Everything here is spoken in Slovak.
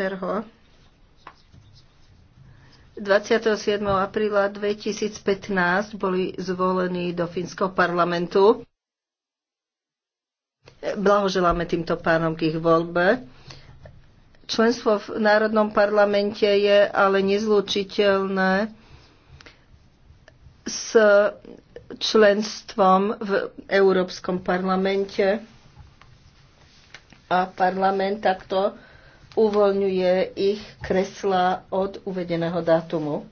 Terho 27. apríla 2015 boli zvolení do Fínskeho parlamentu. Blahoželáme týmto pánom k ich voľbe. Členstvo v Národnom parlamente je ale nezlučiteľné s členstvom v Európskom parlamente a parlament takto uvoľňuje ich kresla od uvedeného dátumu.